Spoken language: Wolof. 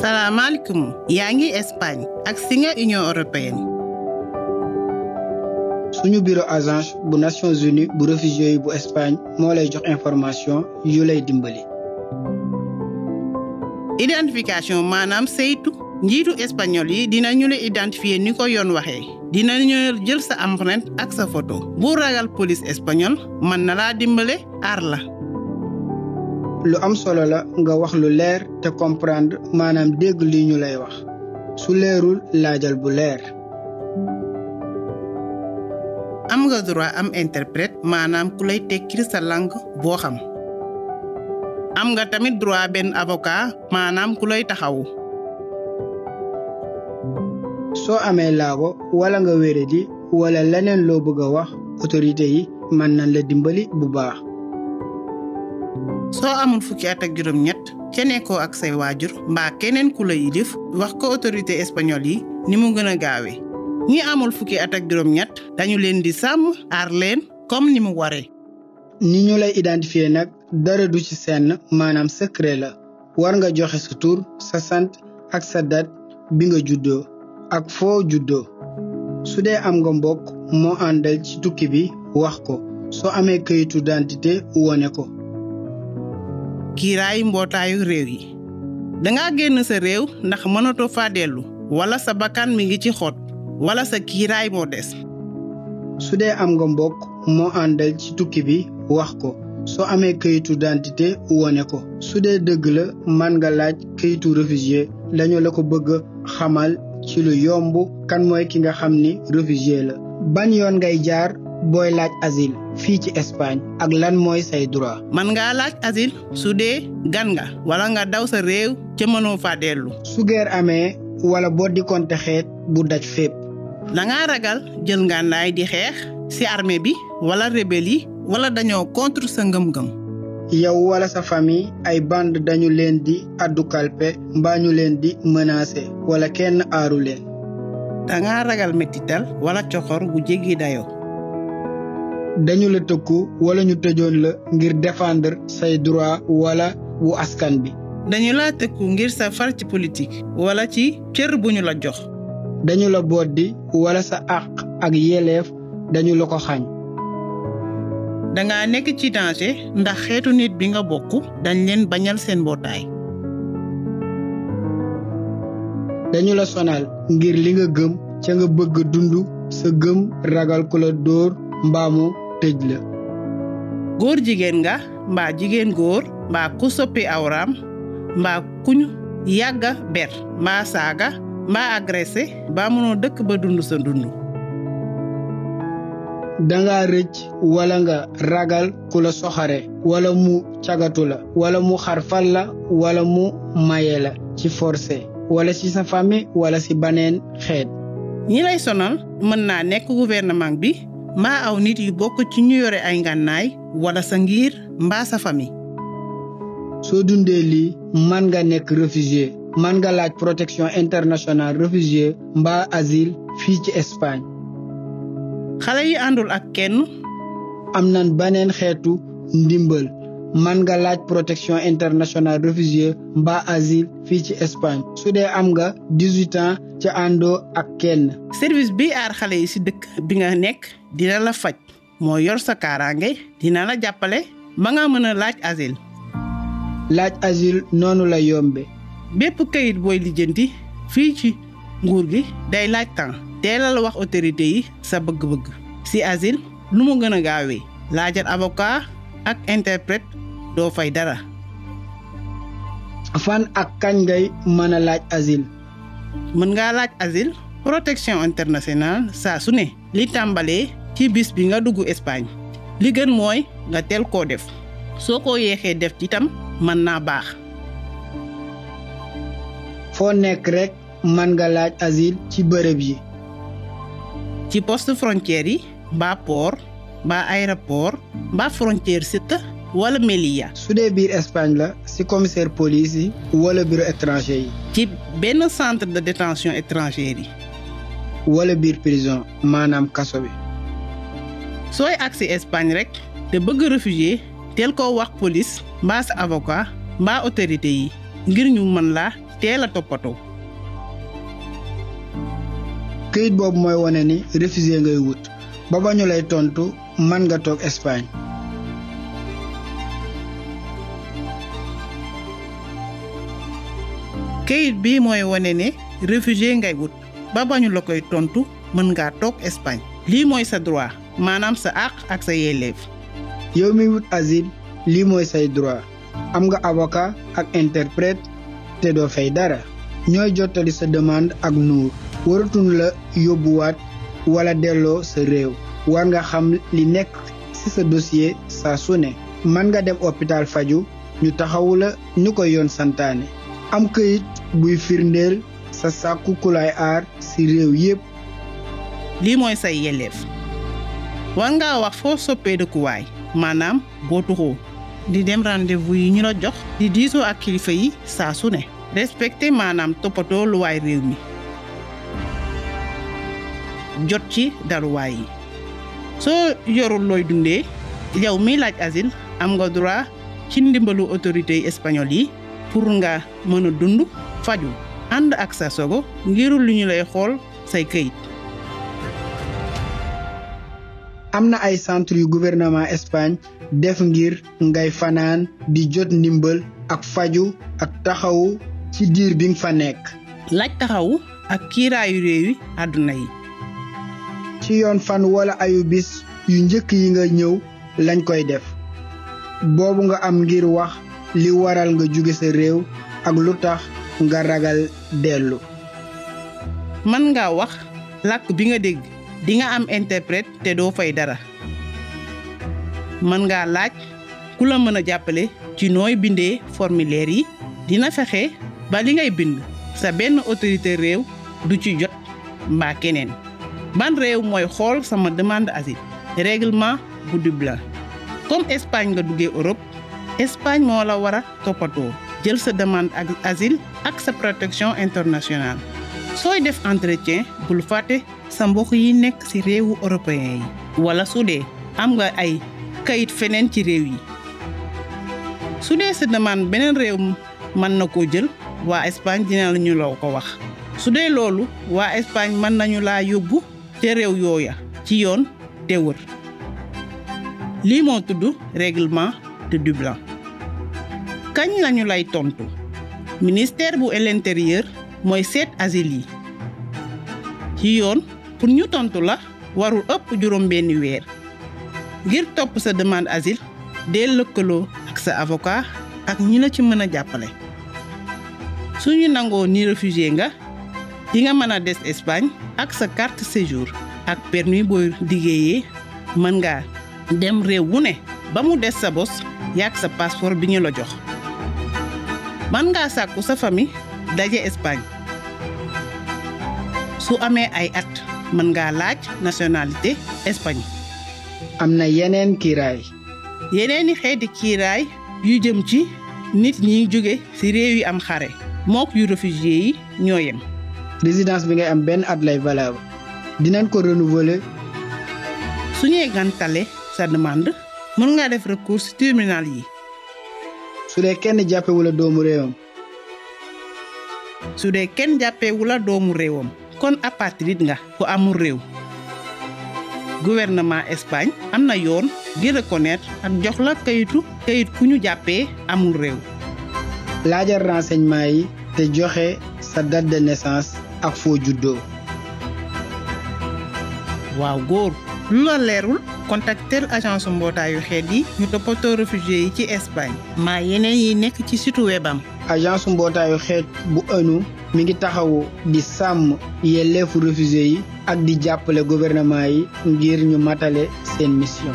salaamaaleykum yaa ngi Espagne ak si nga Union européenne. suñu biro agence bu Nations Unies bu réfugié bu Espagne moo lay jox information yu lay dimbali. identification maanaam saytu njiitu espagnol yi dina ñu la identifier ni ko yoon waxee. dina ñoo jël sa empreinte ak sa photo bu ragal police espagnole mën na laa dimbale arla lu am solo la nga wax lu leer te comprendre maanaam dégg li ñu lay wax su leerul laajal bu leer. am nga droit am interprète maanaam ku lay tekkil sa langue boo xam. am nga tamit droit benn avocat maanaam ku lay taxawu. soo amee laago wala nga wéradi wala leneen loo bëgg a wax autorité yi mën nañ la dimbali bu baax. soo amul fukki at ak juróom-ñett ca ak say waajur mbaa keneen ku la yilif wax ko autorité espagnol yi ni mu gën a gaawee ñi amul fukki at ak juróom-ñett dañu leen di sàmm aar leen comme ni mu waree. ni ñu lay identifier nag dara du ci senn maanaam secret la war nga joxe sa tur sa sant ak sa dat bi nga juddoo. ak foo juddoo su dee am nga mbokk moo àndal ci tukki bi wax ko soo amee këyitu dentité wone ko kiiraay mbootaayu réew yi danga génn sa réew ndax mënatoo fa dellu wala sa bakkan mi ngi ci xot wala sa kiiraay moo des su dee am nga mbokk moo àndal ci tukki bi wax ko soo amee këyitu dentité wone ko su dee dëgg la man nga laaj këyitu réfugié dañu la ko bëgg xamal ci lu yomb kan mooy ki nga xam ni réfugié la ban yoon ngay jaar booy laaj asile fii ci Espagne ak lan mooy say droit. man ngaa laaj asile su dee gan nga wala nga daw sa réew ca fa faa dellu. su guerre amee wala boo di xeet bu daj fépp. da ngaa ragal jël ngànnaay di xeex ci armée bi wala rebelle yi wala dañoo contre sa ngëm-ngëm. yow wala sa famille ay band dañu leen di addu kalpe leen di mënaase wala kenn aaru leen danga ragal mettital wala coxor gu jéggi dayo dañu la tëkku walla ñu tëjoon la ngir défendre say droit wala wu askan bi dañu la tëkku ngir sa far ci politique wala ci cër bu ñu la jox dañu la boddi walla sa àq ak yeleef dañu la ko xañ danga nekk ci danger ndax xeetu nit bi nga bokk dañ leen bañal seen mbootaay. dañu la sonal ngir li nga gëm ca nga bëgg dund sa gëm ragal ku la dóor mbaamu tëj la. góor jigéen nga mbaa jigéen góor mbaa ku soppi awraam mbaa kuñ yàgga ber mbaa saaga mbaa agressé mbaa mënoo dëkk ba dund sa dund. danga rëcc wala nga ragal ku la soxare wala mu cagatu la wala mu xarfal la wala mu maye la ci forcé wala ci sa famille wala ci baneen xeet ñi lay sonal mën naa nekk gouvernement bi mbaa aw nit yu bokk ci ñu yore ay ngànnaay wala sa ngir mbaa sa famille soo dundee lii mën nga nekk réfugié mën nga laaj protection internationale réfugié mbaa asile fii ci Espagne xale yi àndul ak kenn. am nan baneen xeetu ndimbal man nga laaj protection internationale réfugié mba asile fii ci Espagne su dee am nga dix-huit ca àndoo ak kenn. service bi aar xale yi ci dëkk bi nga nekk dina la faj moo yor sa kaaraange dina la jàppale ba nga mën a laaj asile. laaj asile noonu la yombe. bépp kayit booy lijjanti fii ci nguur gi day laaj temps. teelal wax autorité yi sa bëgg-bëgg ci asile lu mu gën a gaawee laajal avocat ak interprète doo fay dara fan ak kañ ngay mën a laaj asile mën ngaa laaj asile protection internationale saa su ne li tàmbalee ci bis bi nga dugg Espagne li gën mooy nga teel koo def soo ko yeexee def ci tam mën naa baax foo nekk rekk mën nga laaj asile ci bërëb yi ci poste frontière yi mbaa port mbaa aéroport mbaa frontière site wala Melilla. su dee biir Espagne la ci commissaire police yi wala bureau étranger yi. ci benn centre de détention étrangère yi. wala biir prison maanaam kaso bi. sooy agsi Espagne rek te bëgg réfugié teel koo wax police mbaa sa avocat mbaa autorité yi ngir ñu mën la teel a toppatoo. këyit boobu mooy wane ni réfugié ngay wut ba ba ñu tontu mën nga toog Espagne. këyit bi mooy wane ne réfugié ngay wut ba la koy tontu mën ngaa toog Espagne lii mooy sa droit maanaam sa àq ak sa yelleef. yow mi wut asile lii mooy say droit am nga avocat ak interprète te doo fay dara ñooy jottali sa demande ak nuur waratun la yóbbuwaat wala delloo sa réew war nga xam li nekk ci sa dossier sa su man nga dem hôpital faju ñu taxawu la ñu ko yoon santaane am këyit buy firndeel sa sàkku kulaay aar si réew yépp lii mooy say yelleef war ngaa wax foo soppee dëkkuwaay maanaam boo tuxoo di dem rendez-vous yi ñu la jox di diisoo ak kilifa yi saa su ne maanaam toppatoo luwaay réew mi jot ci daluwaay yi soo yorul looy dundee yow mi laaj asile am nga droit ci ndimbalu autorités espagnoles yi pour nga mën a dund faju ànd ak sa sogo ngirul lu ñu lay xool say këyit. am na ay centre yu gouvernement Espagne def ngir ngay fanaan di jot ndimbal ak faju ak taxawu ci diir bi nga fa nekk. laaj taxawu ak kiiraayu réew àdduna yi. ci yoon fan wala ayu bis yu njëkk yi nga ñëw lañ koy def boobu nga am ngir wax li waral nga jóge sa réew ak lu tax nga ragal dellu mën nga wax làkk bi nga dégg di nga am interprète te doo fay dara mën ngaa laaj ku la mën a jàppale ci nooy bindee formulaire yi dina fexe ba li ngay bind sa benn autorité réew du ci jot mbaa keneen ban réew mooy xool sama demande asile règlement bu Dublin comme Espagne nga duggee Europe Espagne moo la war a toppatoo jël sa demande ak asile ak sa protection internationale sooy def entretien bul fàtte sa mbokk yi nekk ci réewu européen yi wala su dee am nga ay kayit feneen ci réew yi su dee sa demande beneen réew mën na koo jël waa Espagne dina la ñu loo ko wax su loolu waa Espagne mën nañu laa yóbbu ca réew yooya ci yoon te wër lii moo tudd règlement de Dublin kañ lañu lay tontu ministère bu l'intérieur mooy seet asile yi ci yoon pour ñu tontu la warul ëpp juróom benni weer ngir topp sa demande asil dee lëkkaloo ak sa avoca ak ñi la ci mën a jàppale suñu nangoo ni réfugié nga di nga mën a des Espagne ak sa carte séjour ak permi booy liggéeyee mën nga dem réew wu ne ba mu des sa bos yaak sa passeport bi ñu la jox mën ngaa sàkku sa famille daje Espagne su amee ay at mën ngaa laaj nationalité Espagne am na yeneen kiiraay yeneeni xeeti kiiraay yu jëm ci nit ñi jóge ci réew yi am xare mook yu réfugié yi ñoo yem résidence bi ngay am benn at lay valable dinañ ko renouveler. su ñuy gàntale sa demande mën ngaa def recours ci tribunal yi. su dee kenn jàppewula doomu réewam. su dee kenn jàppewula doomu réewam kon apatride nga ku amul réew. gouvernement Espagne am na yoon di reconnaître ak jox la kayitu kayit ku ñu jàppee amul réew. laajal renseignement yi te joxe sa date de ak foo juddoo. waaw góor lu la leerul contactel agence mbootaayu xeet yi ñu toppatoo réfugié yi ci Espagne. maa yeneen yi nekk ci site webam. agence mbootaayu xeet bu anu mi ngi taxawu di sàmm yelleefu réfugié yi ak di jàppale gouvernement yi ngir ñu matale seen mission.